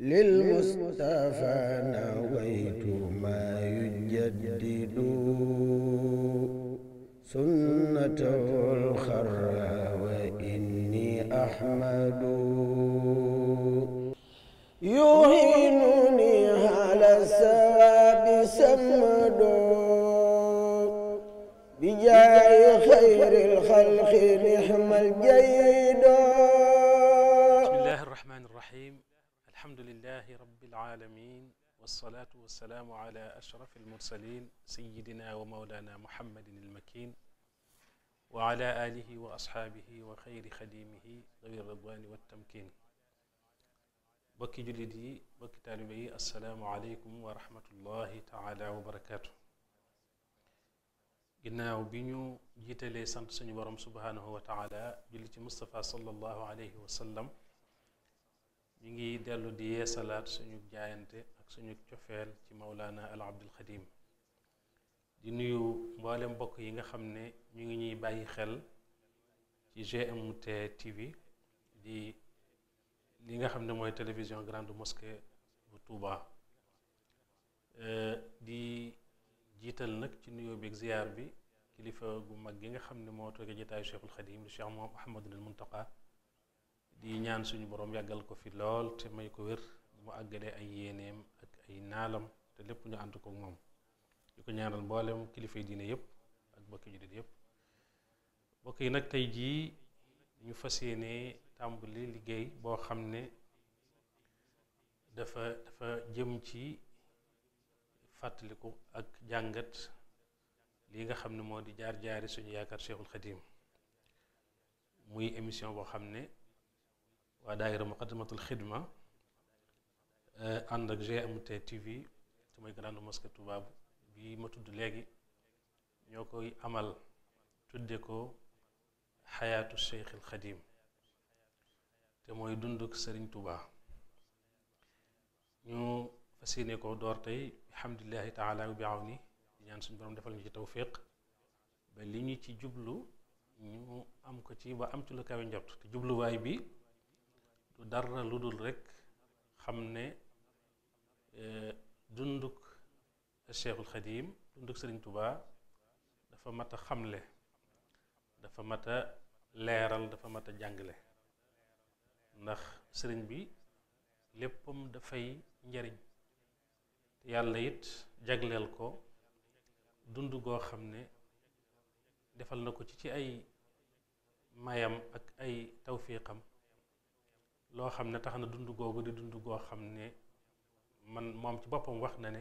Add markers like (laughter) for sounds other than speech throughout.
للمصطفى نويت ما يجدد سنته الخرى وإني أحمد يعينني على الثواب سمد بجاه خير الخلق نحم الجيد rabbil aalamiin wassalaatu wassalaamu ala ashrafil mursaliin sayyidinaa wa mawlaanaa Muhammadin al-makiin wa ala aalihi wa asxaabihi wa xayri xadiimihi zawi ridwaani wa tamkiin bokki jullit yi bokki taalibe yi assalaamu aleykum wa rahmatullahi taala wa barakaatu. ginnaaw bi ñu jiitalee sant suñu borom subhaanahu wa taala julli ci Mustapha sallallahu alayhi wa sallam. ñu ngi dellu di salaat suñu jaayante ak suñu cofeel ci mawlaana al abdul xadim di nuyu mboolem mbokk yi nga xam ne ñu ngi ñuy bàyyi xel ci GMT TV di li nga xam ne mooy télévision grande mosquée bu Touba euh, di jiital nag ci nuyoo bi ak ziyaar bi kilifa gu mag gi nga xam ne moo toogee jataayu Cheikhul Xadim di Cheikh Mouhamadul Muntaqa di ñaan suñu borom yàggal ko fi lool te may ko wér mu àggale ay yéeneem ak ay naalam te lépp ñu ànd ko moom di ko ñaanal mboolem kilifay diine yépp ak bokki jullit yépp bokk yi nag tey jii ñu fas yéene tàmbali liggéey boo xam ne dafa dafa jëm ci fàttaliku ak jàngat li nga xam ne moo di jaar jaari suñu yaakaar Cheikhul Khadim muy émission boo xam ne waa daayira muqaddamatul xidma eh, ànd ak GMT TV te mooy grande mosquée tubaab bi ma tudd léegi ñoo koy amal tudde ko xayaatu Cheikhil Xadim te mooy dunduk Sëriñ Touba ñu fas yéene ko door tey alhamdulillahi taala bi awni di ñaan suñu borom defal ñu ci tawfiq ba li ñu ci jublu ñu am ko ci ba am ci la kawe njot te jubluwaay bi lu dara lu dul rek xam ne eh, dunduk Cheikhul Xadim dunduk Sëriñ Tuba dafa mat a xamle dafa mat a leeral dafa mat a jàngale ndax sëriñ bi léppam dafay njariñ yàlla yit jagleel ko dund goo xam ne defal na ko ci ci ay mayam ak ay tawfiqam loo xam ne tax na dund googu di dund goo xam ne man moom ci boppam wax na ne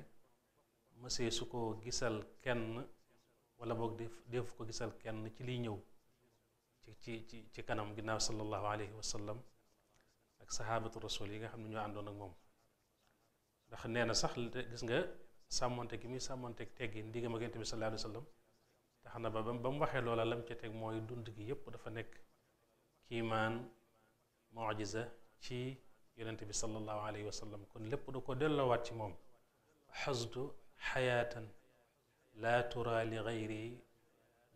mësee su ko gisal kenn wala boog def def ko gisal kenn ci liy ñëw ci ci ci kanam ginnaaw sallallahu alayhi wa sallam ak sahabatu rasul yi nga xam ne ñoo àndoon ak moom ndax nee na sax gis nga sàmmoonte gi muy sàmmonteeg teggi ndigam ak yonent bi sallallahu alayhi wa sallam tax na ba ba mu waxee loola lam ca teg mooy dund gi yépp dafa nekk kiimaan mujiza ci yonent bi sallallahu alayhi wa kon lépp du ko delloowaat ci moom xasdu xayaatan laa turaa li gayri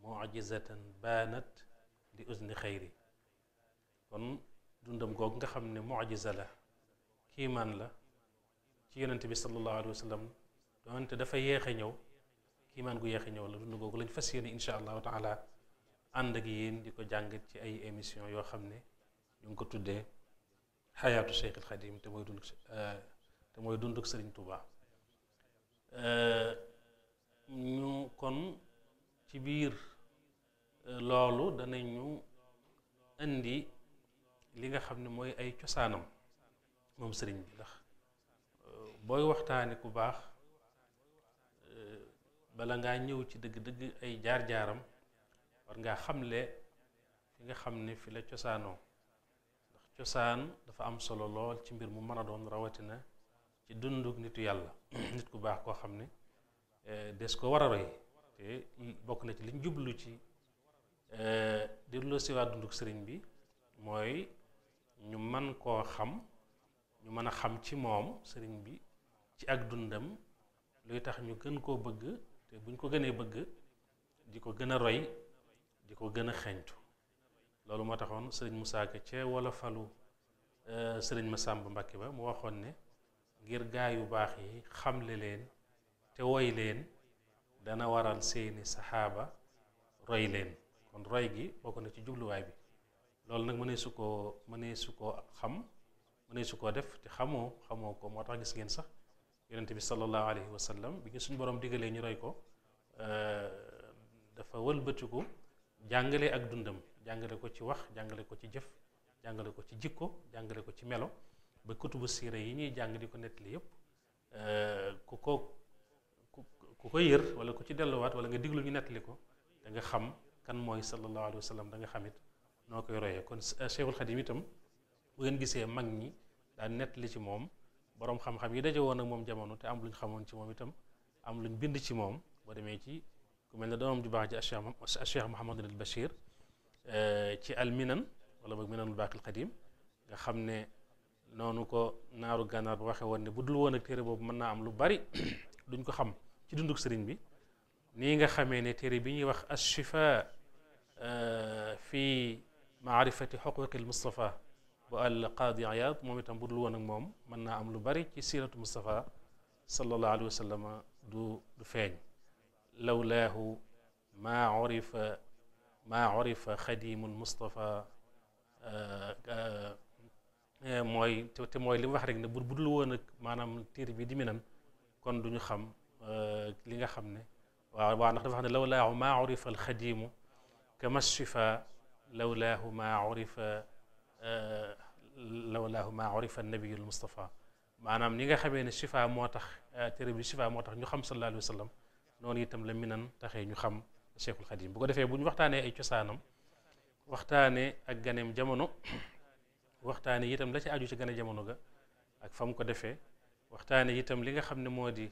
mucjizatan baanat li usni xayri kon dundam googu nga xam ne mucjiza la kiimaan la ci yonent bi sallallahu alayhi wa sallam doonte dafa yéex a ñëw kiimaan gu a ñëw la dund googu lañu fas yéene insha allah taala ànd ak yéen di ko jàngat ci ay émission yoo xam ne ñu ngi ko tuddee xayaatu Cheikhul Xadim te mooy dund dund ak Serigne Touba ñu kon ci biir loolu dana ñu indi li nga xam ne mooy ay cosaanam moom sëriñ bi ndax booy waxtaani ku baax bala ngaa ñëw ci dëgg-dëgg ay jaar-jaaram war ngaa xamle fi nga xam ne fi la cosaanoo cosaan dafa am solo lool ci mbir mu mën a doon rawatina ci dundug nitu yàlla (clears throat) nit ku baax koo xam ne eh, des ko war a roy te bokk na ci liñ jublu ci eh, di lu siwaa dundug sëriñ bi mooy ñu mën koo xam ñu mën a xam ci moom sëriñ bi ci ak dundam luy tax ñu gën koo bëgg te buñ ko gënee bëgg di ko gën a roy di ko gën a xeñtu loolu moo taxoon sëriñ Moussa Ka cee wala falu eh, sëriñ Massamba Mbacké ba mu waxoon ne ngir gaa yu baax yi xamle leen te woy leen dana waral seeni saxaaba roy leen kon roy gi bokk na ci jubluwaay bi loolu nag mënee su koo mënee su koo xam mënee su koo def te xamoo xamoo ko moo tax gis ngeen sax yonente bi sallallahu alayhi wa sallam bi ngi suñu borom diggalee ñu roy ko eh, dafa wëlbatiku jàngale ak dundam jàngale ko ci wax jàngale ko ci jëf jàngale ko ci jikko jàngale ko ci melo ba kutubu siira yi ñuy jàng di ko nettali yépp euh, ku ko ku ko yër wala ku ci delluwaat wala nga diglu ñu nettali ko da nga xam kan mooy sallallahu alayhi wa sallam da nga xamit noo koy royee kon euh, Cheikhul Khadim itam bu ngeen gisee mag ñi daan nettali ci moom boroom xam-xam yi daje woon ak moom jamono te am luñ xamoon ci moom itam am luñ bind ci moom boo demee ci ku mel ne doomam ju baax ji Cheikh Cheikh Mouhamadul al Bachir eh, ci al minan wala boog minanul baaqil qadim nga xam ne noonu ko naaru gànnaar ba waxee woon ne bu dul woon ak boobu mën naa am lu bari (coughs) duñ ko xam ci dunduk sëriñ bi nii nga xamee ne téere bi ñuy wax ashifa eh, fi maarifati xuquqil Mustafa bu al qaadi Iyaad moom itam bu dul woon ak moom mën naa am lu bari ci siiratu Mustafa sallallahu alayhi wa du du feeñ lawlaahu maa urifa maa urifa xadimul Mustafa mooy te mooy li mu wax rek ne bu budul woon ak maanaam tiir bi di minan kon duñu xam euh, li nga xam ne waaw waaw ndax dafa xam ne lawlaahu maa urifa alxadimu kama shifa lawlaahu maa urifa euh, lawlaahu maa urifa annabiyu almustafa maanaam ñi nga xamee ne shifa moo tax euh, téere bi shifa moo tax ñu xam sallallahu alayhi wa sallam noonu itam la minan taxee ñu xam Cheikhul Khadim bu ko defee bu ñu waxtaanee ay cosaanam waxtaanee ak ganeem jamono waxtaane itam la ci aju ci gane jamono ga ak fam ko defee waxtaanee itam li nga xam ne moo di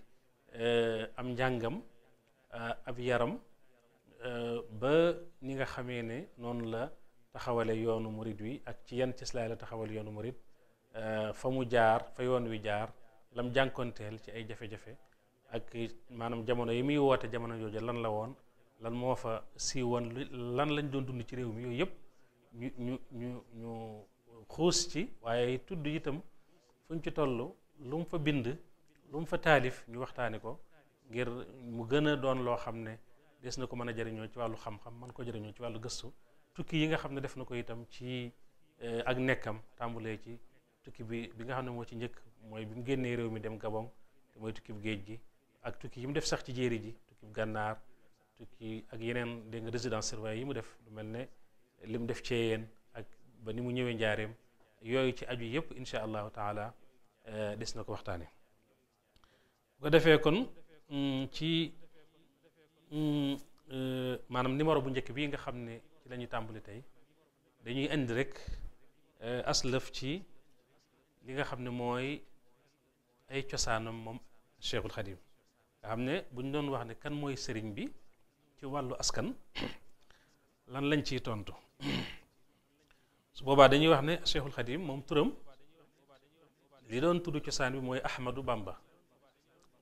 eh, am njàngam eh, ab yaram eh, ba ni nga xamee ne noonu la taxawale yoonu murid wi ak ci yan cislaay la taxawal yoonu murid fa mu jaar fa yoon wi jaar lam jànkoonteel ci ay jafe-jafe ak maanaam jamono yi muy woote jamono jooju lan la woon lan moo fa siiwoon lan lañ doon dund ci réew mi yooyu yëpp ñu ñu ñu ñu xuus ci waaye tudd itam fu ñu ci toll lu mu fa bind lu mu fa taalif ñu waxtaani ko ngir mu gën a doon loo xam ne des na ko mën a jariñoo ci wàllu xam-xam mën ko jëriñoo ci wàllu gëstu tukki yi nga xam ne def na ko itam ci eh, ak nekkam tàmbulee ci tukki bi bi nga xam ne moo ci njëkk mooy bi mu génnee réew mi dem Gabon gi ak tukki yi mu def sax ci jéeri ji tukki gànnaar tukki ak yeneen dégg nga résidence servoir yi mu def lu mel ne li mu def ceeyeen ak ba ni mu ñëwee njaareem yooyu ci aju yëpp incha allahu taala eh, des na ko waxtaane bu ko defee kon mm, ci mm, eh, maanaam numéro bu njëkk bii nga xam ne ci la ñuy tàmbali tey dañuy indi rek eh, aslëf ci li nga xam ne mooy ay cosaanam moom Cheikhul Khadim nga xam ne bu ñu doon wax ne kan mooy sëriñ bi ci wàllu askan lan lañ ciy tontu su boobaa dañuy wax ne Cheikhul Khadim moom turam li doon tudd cosaan bi mooy Ahmadou Bamba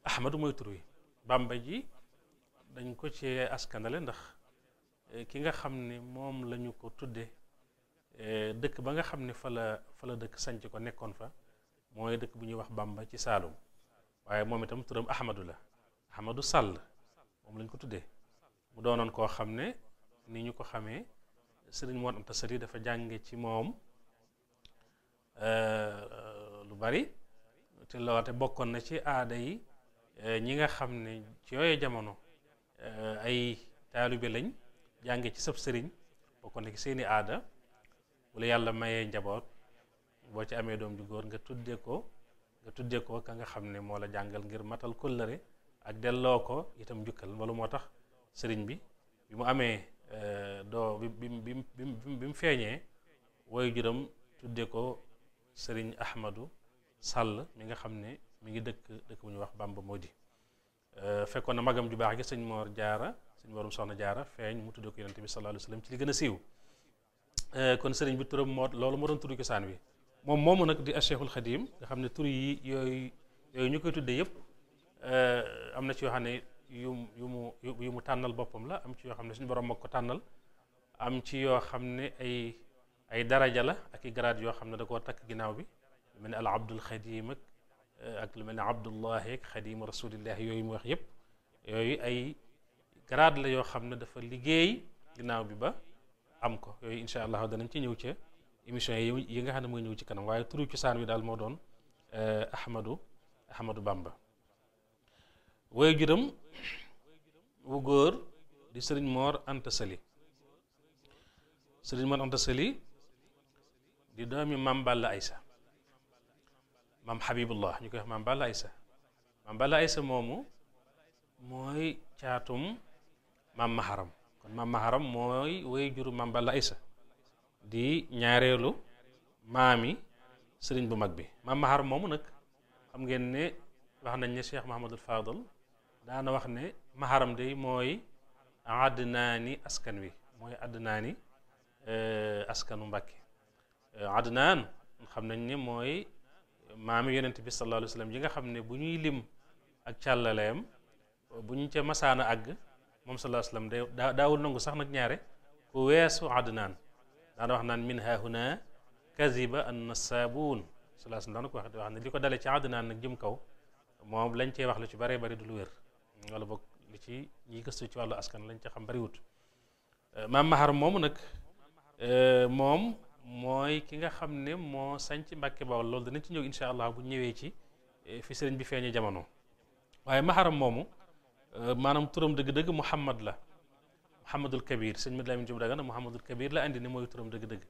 Ahmadou mooy tur wi Bamba ji dañ ko ci askanale ndax eh, ki nga xam ne moom lañu ko tudde eh, dëkk ba nga xam ne fa la dëkk sanc ko nekkoon fa mooy dëkk bu ñuy wax bàmba ci Saalum waaye moom itam turam Ahmadou la Amadou Sall moom lañ ko tuddee mu doonoon koo xam ne ni ñu ko xamee sëriñ Mor Anta Sali dafa jànge ci moom euh, lu bari te loote bokkoon na ci aada yi euh, ñi nga xam ne ci yooye jamono euh, ay taalibe lañ jànge ci sëb sëriñ bokkoon na ci seeni aada wala yàlla mayee njaboot boo ci amee doom ju góor nga tudde ko nga tudde ko ka nga xam ne moo la jàngal ngir matal kóllëre ak delloo ko itam njukkal walu moo tax sëriñ bi bi mu amee euh, doo bi bi bi mu feeñee woy juram tudde ko sëriñ Ahmadu Sàll mi nga xam ne mi ngi dëkk dëkk bu ñuy wax moo di euh, fekkoon na magam ju baax gi sëñ Moor Jaara sëñ Moorum Soxna Jaara feeñ mu tudde ko yonente bi sallallahu alayhi wa sallam ci li gën a siiw euh, kon sëriñ bi turam moo loolu moo doon turu cosaan wi moom moomu nag di Cheikhul Xadim nga xam ne tur yi yooyu yooyu ñu koy tuddee yëpp Eh, am na ci yoo xam ne yu yu mu yu mu tànnal boppam la am ci yoo xam ne suñu borom moo ko tànnal am ci yoo xam ne ay ay daraja la ak i grade yoo xam ne dakoo takk ginnaaw bi lu mel ne al abdul xadim ak eh, ak lu mel ne abdullahi ak xadim rasulillah yooyu mu wax yëpp yooyu ay grade la yoo xam ne dafa liggéey ginnaaw bi ba am ko yooyu incha allah danañ ci ñëw ca émission yi yi nga xam ne mooy ñëw ci kanam waaye turu saan wi daal moo doon eh, ahmadu ahmadu bamba way juram wu góor di sëriñ Mor Anta Sali sëriñ di doomi maam Balla Aysa maam Habibullah ñu koy wax maam Balla Aysa maam Balla Aysa moomu mooy caatum maam Maharam kon maam Maharam mooy way juru maam Balla Aysa di ñaareelu maami sëriñ bu mag bi maam Maharam moomu nag xam ngeen ne wax nañ ne Cheikh Mahamadul Fadal daana wax ne maharam day mooy adnaani askan wi mooy adnaani euh, askanu Mbàkke euh, adnaan xam nañ ni mooy maami yonent bi sallallahu alayhi wa nga xam ne bu ñuy lim ak càllaleem bu ñu ca masaana àgg moom sallallahu alayhi wa day daa daawul nangu sax nag ñaare ku weesu adnaan daana wax naan min hahuna kaziba an na sallallahu alayhi wa sallam daana ko wax di wax ne li ko dale ci adnaan nag jëm kaw moom lañ cee wax lu ci bare bari du lu wér wala boog li ci ñiy gëstu ci wàllu askan lañ ci xam bariwut euh, maam Mahar moomu nag euh, moom mooy ki nga xam ne moo sanc Mbàkke Bawol loolu danañ ci ñëw incha allah bu ñëwee ci euh, fi sëriñ bi feeñee jamono waaye maharam moomu maanaam turam dëgg-dëgg Muhammad la Muhammadul Kabir sëñ Madi Lamin Jóob Dagana Muhammadul Kabir la andi ni mooy turam dëgg-dëgg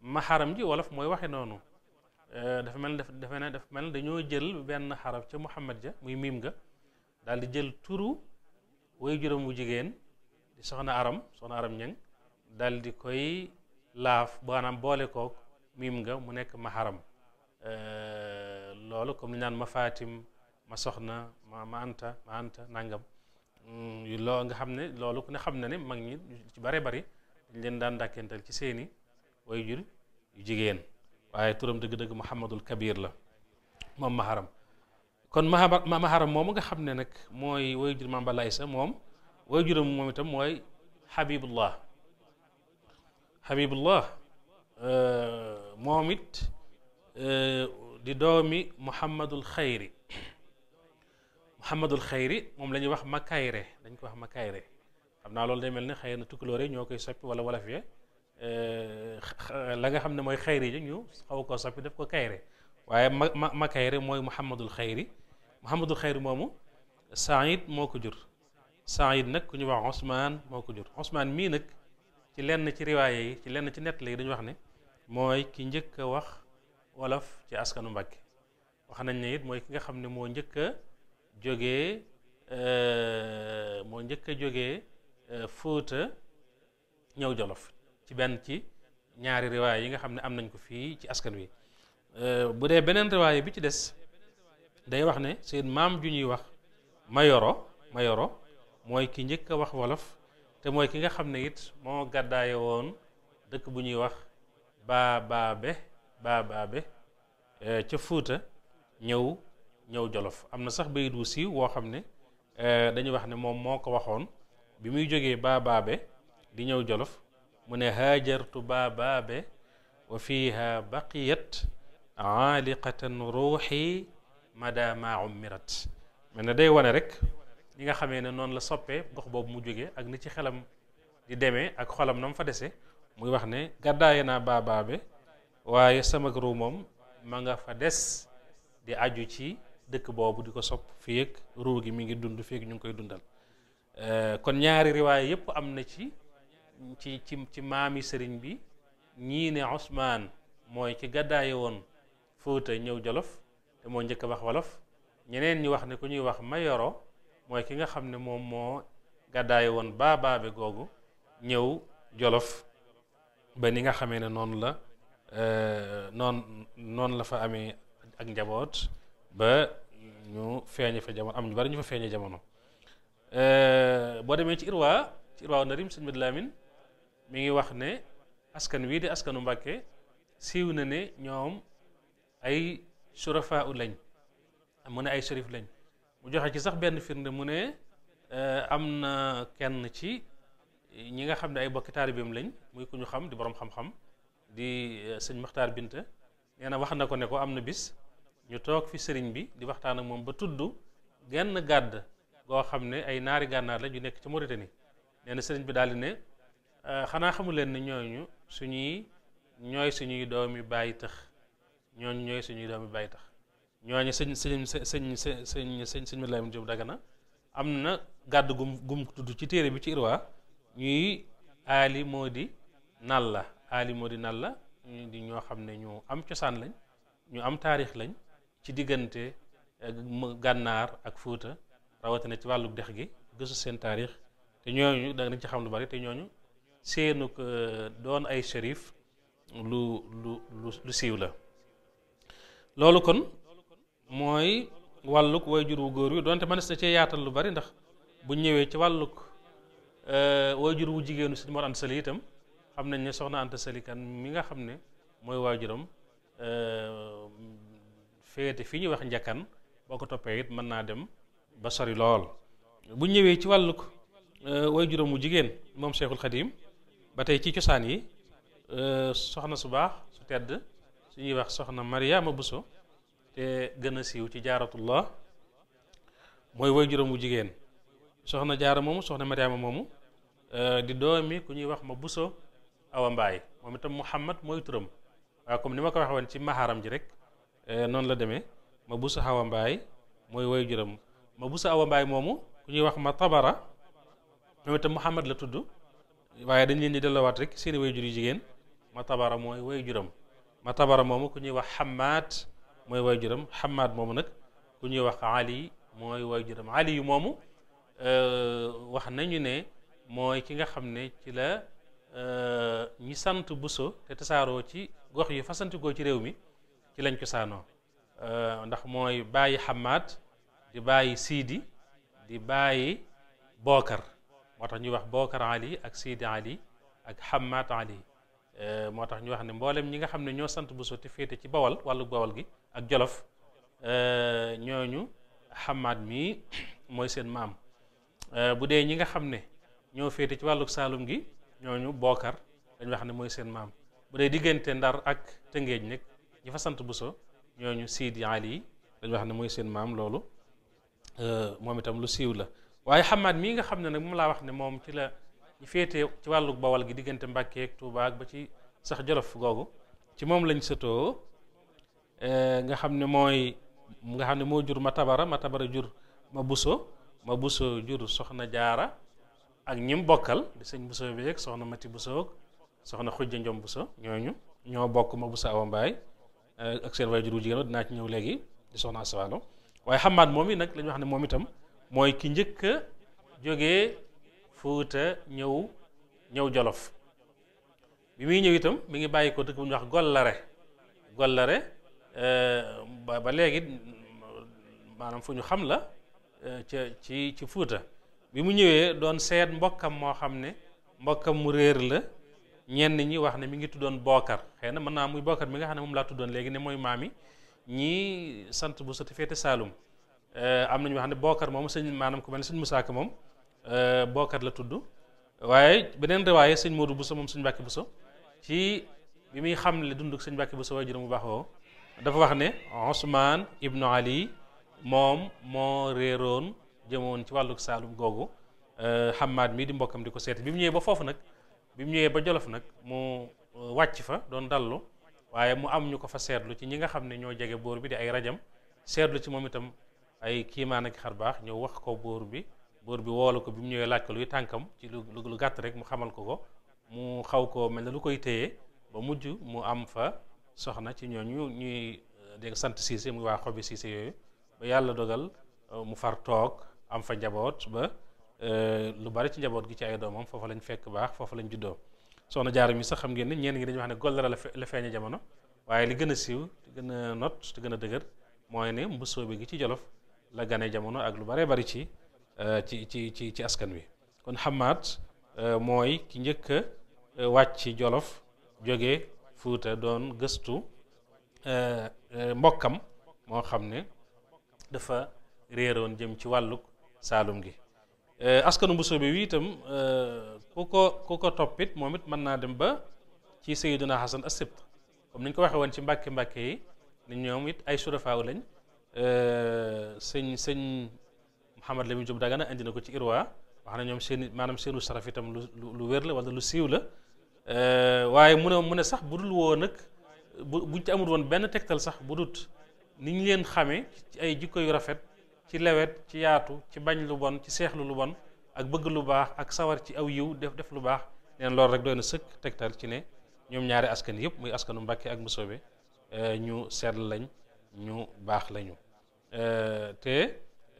maharam ji wolof mooy waxe noonu dafa mel ne dafa mel ne dañoo jël benn xarab ca Muhammad ja muy miim nga daal di jël turu way juróom wu jigéen di soxna aram soxna aram ñang daal di koy laaf maanaam boole kook miim nga mu nekk maharam euh, loolu comme li naan ma fatim ma soxna ma ma nangam mm, loo nga xam ne loolu ku ne xam na ne mag ñi ci bare bari dañ leen daan dàkkental ci seeni way jur yu jigéen waaye turam dëgg-dëgg muhammadul kabir la moom maharam kon ma maharam moomu nga xam ne nag mooy way jur Maam Balla moom way juram moom itam mooy Habibullah Habibullah euh, moom it euh, di doomi Muhammadul Xayri Muhammadul Xayri moom lañuy ñuy wax Makayre dañ ko wax ma kayre xam naa loolu day mel ne xëy na tukkuloore ñoo koy soppi wala wolof ya euh, la nga xam ne mooy xayri ji ñu xaw ko soppi def ko kayre waaye ma ma Makayre mooy Muhammadul Xayri Mouhamadul Xayr moomu Saïd moo ko jur Saïd nag ku ñu wax osmaan moo ko jur osmaan mii nag ci lenn ci riwaaye yi ci lenn ci nett yi dañu wax ne mooy ki njëkk a wax wolof ci askanu Mbàkke wax nañ ne it mooy ki nga xam ne moo njëkk a euh, moo njëkk a jógee euh, ñëw Jolof ci benn ci ñaari riwaay yi nga xam ne am nañ ko fii ci askan wi euh, bu dee beneen riwaay bi ci des day wax ne seen maam ju ñuy wax mayoro mayoro mooy ki njëkk a wax wolof te mooy ki nga xam ne it moo gàddaaye woon dëkk bu ñuy wax baabaabe baabaabe eh, ca Fuuta ñëw ñëw jolof am na sax bayit wu siiw woo xam ne eh, dañuy wax ne moom moo ko waxoon bi muy jógee baabaabe di ñëw jolof mu ne haajartu baabaabe wa fiiha baqiyat aaliqatan ruuxi madama ummirat mel na day wane rek ñi nga xamee ne noonu la soppee gox boobu mu jógee ak ni ci xelam di demee ak xolam na mu fa dese muy wax ne gàddaaye naa baabaabe waaye sama ru moom ma nga fa des di aju ci dëkk boobu di ko sopp fii ak ruu gi mi ngi dund fii ak ñu ngi koy dundal euh, kon ñaari riwaay yépp am na ci ci ci ci maami sëriñ bi ñii ne Ousmane mooy ci gàddaaye woon Fuuta ñëw Jolof te moo njëkk a wax wolof ñeneen ñi wax ne ku ñuy wax mayoro mooy ki nga xam ne moom moo gàddaaye woon baa baabe googu ñëw jolof ba ni nga xamee ne noonu la euh, noon noonu la fa amee ak njaboot ba ñu feeñe fa jamono am ñu ñu fa feeñe jamono euh, boo demee ci irwa ci irwa narim sëñ Madu Lamin mi ngi wax ne askan wii di askanu Mbàkke siiw na ne ñoom ay surafaa u lañ mu ne ay shérif lañ mu joxe ci sax benn firnde mu ne eh, am na kenn ci ñi nga xam ne ay bokki taalibeem lañ muy ku ñu xam di boroom xam-xam di eh, sëñ Maxtaar Binta nee wax na ko ne ko am na bis ñu toog fi sëriñ bi di waxtaan ak moom ba tudd genn gàdd goo xam ne ay naari gànnaar la ñu nekk ci Mauritanie nee na sëriñ bi daal di ne eh, xanaa xamu leen ne ñooñu suñuy ñooy suñuy doomi bàyyi tëx ñooñu ñooy suñuy doomi bàyyi tax ñooñu sëñ sëñ sëñ sëñ sëñ sëñ Madlamin Jóob Dagana am na gàdd gum gum tudd ci téere bi ci irwa ñuy ali moo di nal la aali moo di nalla ñu di ñoo xam ne ñu am cosaan lañ ñu am taarix lañ ci diggante eh, gànnaar ak fuuta rawatina ci wàllu dex gi gëstu seen taarix te ñooñu da nañ ci xam lu bari te ñooñu seenu eh, doon ay shérif lu lu lu siiw la loolu kon mooy wàllug jur wu góor wi donte mënees na cee yaatal lu bari ndax bu ñëwee ci wàllug euh, jur wu jigéenu Sëñ Mor Anta Sali itam xam nañ ne soxna Anta Sali mi nga xam ne mooy waajuram euh, féete fi ñuy wax njakkan boo ko toppee it mën naa dem ba sori lool bu ñëwee ci wàllug euh, waajuram wu jigéen moom Cheikhul Khadim ba tey ci cosaan yi soxna su baax su tedd suñuy wax soxna Mariama Bousso te gën a siiw ci jaaratullah mooy woy juróom wu jigéen soxna jaara moomu soxna Mariama moomu euh, di doomi ku ñuy wax ma buso Awa Mbaay moom itam Muhammad mooy turam comme ni ma ko waxee ci maharam ji rek euh, noonu la demee ma Bousso Awa Mbaay mooy way juróom ma Bousso Awa Mbaay moomu ku ñuy wax ma Tabara moom itam Muhammad la tudd waaye dañ leen di delloowaat rek seeni way jur yu jigéen ma Tabara mooy way juróom matabara moomu ku ñuy wax xamaat mooy way juram xamaat moomu nag ku ñuy wax ali mooy way juram ali yu moomu euh, wax nañu ne mooy ki nga xam ne ci la euh, ñi sant buso te tasaaroo ci gox yu fasantikoo ci réew mi ci lañ cosaanoo euh, ndax mooy bàyyi xammaat di bàyyi siidi di bàyyi bookar moo ñuy wax bookar ali ak siidi ali ak xamaat ali Euh, moo tax ñu wax ne mboolem ñi nga xam ne ñoo sant Bousso te féete ci bawal wàllu bawal gi ak jolof euh, ñooñu xamaat mii mooy seen maam euh, bu dee ñi nga xam ne ñoo féete ci wàllu saalum gi ñooñu bookar dañu wax ne mooy seen maam bu diggante ndar ak tëngéej nag ñi fa sant Bousso ñooñu Sidi Ali dañu wax ne mooy seen maam loolu moom itam lu siiw la waaye xamaat mii nga xam ne nag moom laa wax ne moom ci la ñu féete ci wàllu bawal gi diggante Mbàkke ak ba ci sax Jolof googu ci moom lañ sëtoo eh, nga xam ne mooy nga xam ne moo jur ma tabara ma tabara jur ma buso ma buso jur soxna jaara ak ñim bokkal di sëñ buso beeg soxna mati buso soxna xujja njom buso ñooñu ñoo bokk ma buso awa mbaay eh, ak seen waajur wu jigéen dinaa ci ñëw léegi di soxna asawalo waaye xamaat moom yi nag la ñu wax ne moom itam mooy ki njëkk a fuuta ñëw ñëw jolof bi muy ñëw itam mi ngi bàyyi ko dëkk bu ñuy wax gollare gollare euh, ba ba léegi maanaam fu ñu xam la euh, ca ci ci fuuta bi mu ñëwee doon seet mbokkam moo xam ne mbokkam mu réer la ñenn ñi wax ne mi ngi tuddoon bookar xëy na mën naa muy bookar mi nga xam ne moom laa tuddoon léegi ne mooy maam yi ñii sant bu soti féete Saalum euh, am na ñu wax ne bookar moom sëñ maanaam ko mel ne sëñ Musaa moom Euh, bokkat la tudd waaye beneen riwaaye sëñ Modou Bousso moom sëñ Mbàkke Bousso ci bi muy xam xamle dunduk sëñ Mbàkke Bousso waaye juróom bu baax woo dafa wax ne Ousmane ibnu Ali moom moo réeroon jëmoon ci wàlluk saalum googu xamaat euh, mi di mbokkam di ko seet bi mu ñëwee ba foofu nag bi mu ñëwee ba Jolof nag mu euh, wàcc fa doon dallu waaye mu am ñu ko fa seetlu ci ñi nga xam ne ñoo jege boor bi di ay rajam seetlu ci moom itam ay kiimaan ak xar baax ñëw wax ko boor bi buur bi woolu ko bi mu ñëwee laaj ko luy tànkam ci lu lu gàtt rek mu xamal ko ko mu xaw koo mel ne lu koy téye ba mujj mu am fa soxna ci ñooñu ñuy euh, dégg sant siise muy waa xobi siise yooyu ba yàlla dogal euh, mu far toog am fa njaboot ba euh, lu bari ci njaboot gi ci ay doomam foofa lañ fekk baax foofa lañ juddoo soxna jaara mi sax xam ngeen ne ñeen ngi dañu wax ne goldara la feeñe jamono waaye li gën a siiw li gën a not te gën a dëgër mooy ne mbusoo bi gi ci jolof la gane jamono ak lu baree bari ci Euh, ci ci ci ci askan wi kon xamaat euh, mooy ki njëkk a euh, wàcc jolof jóge fuuta doon gëstu mbokkam moo xam ne dafa réeroon jëm ci wàlluk saalum gi askanu Buso bi wi itam ku ko ku ko toppit moom it mën naa dem ba ci Sayyiduna Hasan Asibt comme ni ñu ko waxee woon ci mbàkke mbàkke yi ni ñoom it ay surafaw lañ sëñ sëñ Mouhamed Lamine Diop Dagana indi na ko ci Irwa wax na ñoom seen maanaam seenu saraf itam lu lu wér la wala lu siiw la euh, waaye mu ne mu ne sax bu dul woo nag bu buñ ci amul woon benn tegtal sax bu dut ni ñu leen xamee ci ay jikko yu rafet ci lewet ci yaatu ci bañ lu bon ci seexlu lu bon ak bëgg lu baax ak sawar ci aw yiw def def lu baax neen loolu rek doy na sëkk tegtal ci ne ñoom ñaari askan yëpp muy askanu Mbàkke ak mu Mbusoobe euh, ñu sell lañ ñu baax lañu euh, te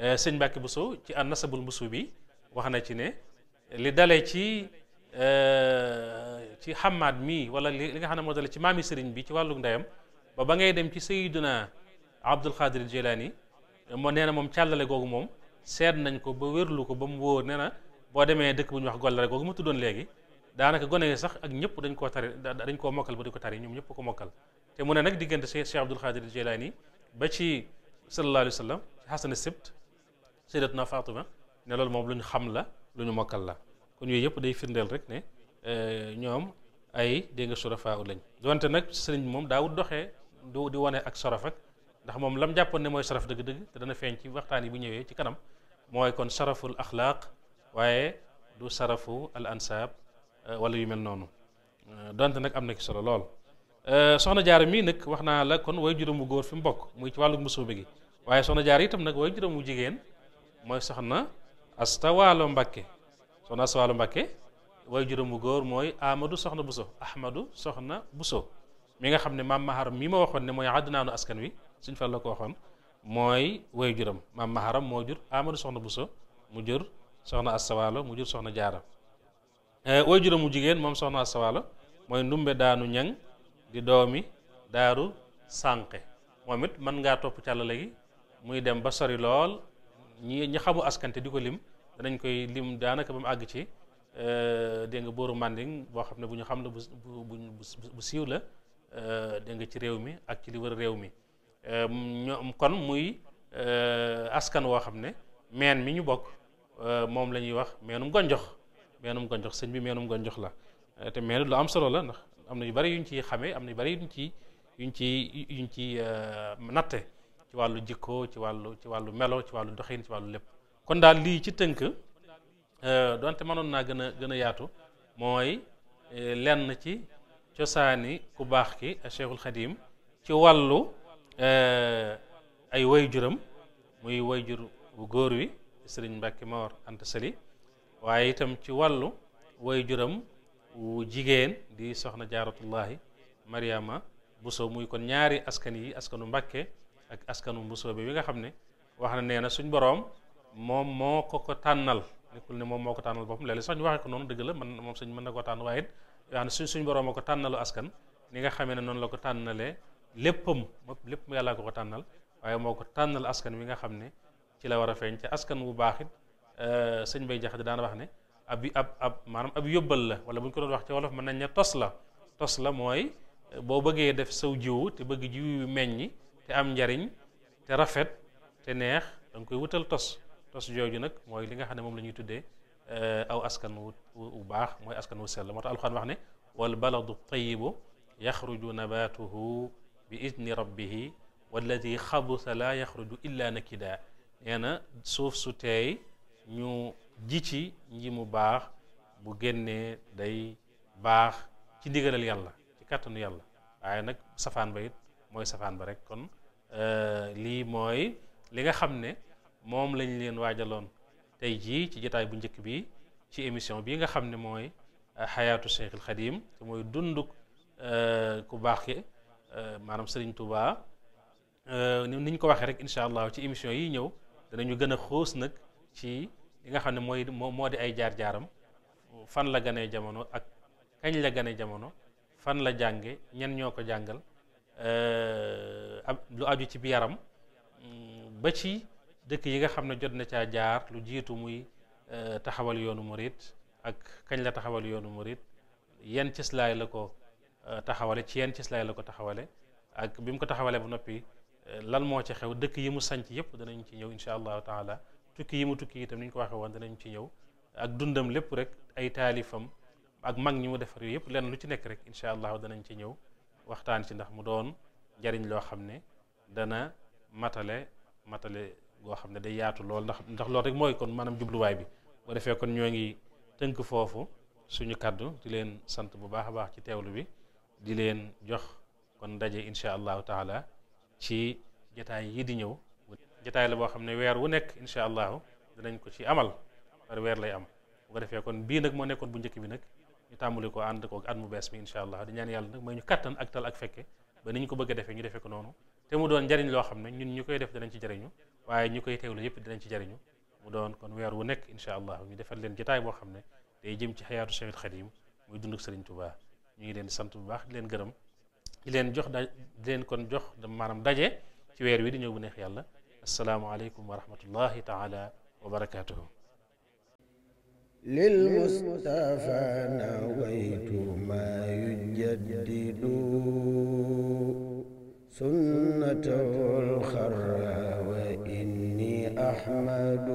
Euh, sëñ Mbàkke Bousso ci an nasabul mbusu bi wax na ci ne li dalee ci euh, ci xamaad mii wala li nga xam ne moo dalee ci maami sëriñ bi ci wàllu ndeyam ba ba ngay dem ci sayiduna Abdul Xaadir Jilaani moo nee na moom càllale googu moom seet nañ ko ba wérlu ko ba mu wóor nee na boo demee dëkk bu ñuy wax gollare googu mu tuddoon léegi daanaka gone sax ak ñëpp dañ koo tari dañ koo mokkal ba di ko tari ñoom ñëpp ko mokkal te mu ne nag diggante Cheikh Abdul Xaadir Jilaani ba ci sallallahu alayhi wa sallam sayyidatuna Fatima ne loolu moom lu ñu xam la lu ñu mokkal la kon yooyu yëpp day firndeel rek ne eh, ñoom ay dégg nga surafaa u lañ donte nag sëriñ moom daawut doxee du di wane ak saraf ndax moom lam jàppoon ne mooy saraf dëgg-dëgg te dana feeñ ci waxtaan yi bu ñëwee ci kanam mooy kon saraful axlaaq waaye du sarafu al ansaab eh, wala yu mel noonu eh, donte nag am na ci solo lool soxna jaar mii nag wax naa la kon way juróom góor fi mu bokk muy ci wàllu musóobe gi waaye soxna jaar itam nag way juróom jigéen mooy soxna asta waalo mbakke soxna asta waalo mbakke way juróom bu góor mooy Amadou soxna Buso Ahmadou soxna Buso mi nga xam ne maam maharam mi ma waxoon ne mooy àddinaanu askan wi suñ fa la ko waxoon mooy woy juróom maam maharam moo jur Amadou soxna Buso mu jur soxna asta waalo mu jur soxna jaara eh, way juróom bu jigéen moom soxna asta mooy ndumbe daanu ñang di doomi daaru sànqe moom it mën ngaa topp càlla léegi muy dem ba sori lool ñi ñi xamu askan te di ko lim danañ koy lim daanaka ba mu àgg ci euh, dégg nga booru Manding boo xam ne bu ñu xam la bu bu bu siiw la euh, dégg nga ci réew mi ak ci li wër réew mi euh, ñoom kon muy askan woo xam ne meen mi ñu bokk moom la ñuy wax meenum gonjox meenum gonjox sëñ bi meenum gonjox la te meen lu am solo la ndax am na yu bari yuñ ci xamee am na yu bari yuñ ci yuñ ci yuñ ci natte ci wàllu jikko ci wàllu ci wàllu melo ci wàllu doxin ci wàllu lépp kon daal lii ci tënk euh, donte manoon naa gën a gën a yaatu mooy euh, lenn ci cosaani ku baax ki Cheikhul Khadim ci wàllu euh, ay way-juram muy way-jur bu góor wi Serigne Mbacke Mor Anta Sali waaye itam ci wàllu way-juram wu jigéen di soxna jaaratullahi Mariama Bousso muy kon ñaari askan yi askanu Mbacke ak askanu mbusoobe bi nga xam ne wax na nee suñ boroom moom moo ko ko tànnal nekkul ne moom moo ko tànnal boppam léeg-léeg sax ñu waxee ko noonu dëgg la man moom suñ mën na koo tànn waaye it wax ne suñ suñ boroom moo ko tànnalu askan ni nga xamee ne noonu la ko léppam lépp ko ko tànnal waaye moo ko tànnal askan wi nga xam ne ci la war a feeñ ca askan wu baax it euh, sëñ bay jaxate daana wax ne ab ab ab maanaam ab yóbbal la wala bu ñu ko doon wax ci wolof mën nañ ne tos la tos la mooy euh, boo bëggee def saw jiwu te bëgg jiwu meññi te am njariñ te rafet te neex da nga koy wutal tos tos jooju nag mooy li nga xam ne moom la ñuy tuddee euh, aw askan wu baax mooy askan wu sell moo tax alxuraan wax ne wal baladu tayibu yaxruju nabatuhu bi idni rabbihi walladi xabusa la yaxruju illa nakida nee na suuf su teey ñu ji ci nji mu baax bu génnee day baax ci ndigalal yàlla ci kàttanu yàlla waaye nag safaan ba it mooy safaan ba rek Euh, lii mooy li nga xam ne moom lañ leen waajaloon tey jii ci jataay bu njëkk bi ci émission bii nga xam ne mooy xayaatu euh, Cheikh al Xadim te mooy dunduk euh, ku baax ki maanaam Serigne Touba ni ñu ko waxee rek incha allah ci émission yi ñëw danañu gën a xuus nag ci li nga xam ne mooy moo di ay jaar-jaaram fan la ganee jamono ak kañ la ganee jamono fan la jànge ñen ñoo ko jàngal Euh, lu aju ci bi yaram mm, ba ci dëkk yi nga xam ne jot na caa jaar lu jiitu muy euh, taxawal yoonu murit ak kañ la taxawal yoonu murit yan cislaay la ko euh, taxawale ci yan cislaay la ko taxawale ak bi mu ko taxawale ba noppi lan moo ci xew dëkk yi mu sanc yëpp danañ ci ñëw insha allahu taala tukki yi mu tukki itam ni ñu ko waxee woon danañ ci ñëw ak dundam lépp rek ay taalifam ak mag ñi mu defar yooyu yëpp lenn lu ci nekk rek incha allah danañ ci ñëw waxtaan ci ndax mu doon njariñ loo xam ne dana matale matale goo xam ne day yaatu lool ndax ndax loolu rek mooy kon maanaam jubluwaay bi bu defee kon ñoo ngi tënk foofu suñu kàddu di leen sant bu baax a baax ci teewlu bi di leen jox kon daje incha allahu taala ci jataay yi di ñëw jataay la boo xam ne weer wu nekk incha allahu danañ ko ci amal par weer lay am bu ko defee kon bii nag moo nekkoon bu njëkk bi nag ñu tàmbali ko ànd ko at mu bees mi incha allah di ñaan yàlla nag mooy ñu kattan ak tal ak fekke ba ni ñu ko bëgg a defee ñu defee ko noonu te mu doon njariñ loo xam ne ñun ñu koy def dinañ ci ñu koy teewlu yëpp dinañ ci jariñu mu doon kon weer nekk incha allah ñu defal leen jotaay boo xam ne day jëm ci xayaatu Cheikhul Khadim muy dund ak Serigne ñu ngi leen di sant bu baax di leen gërëm di leen jox da di leen kon jox maanaam daje ci weer wi di ñëw bu neex yàlla asalaamaaleykum wa rahmatullahi taala wa barakatuhu للمصطفى نويت ما يجدد سنته الخرى وإني أحمد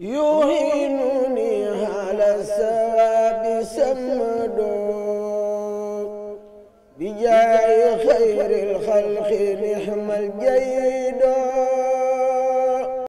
يعينني على الثواب سمد بجاه خير الخلق نحم الجيد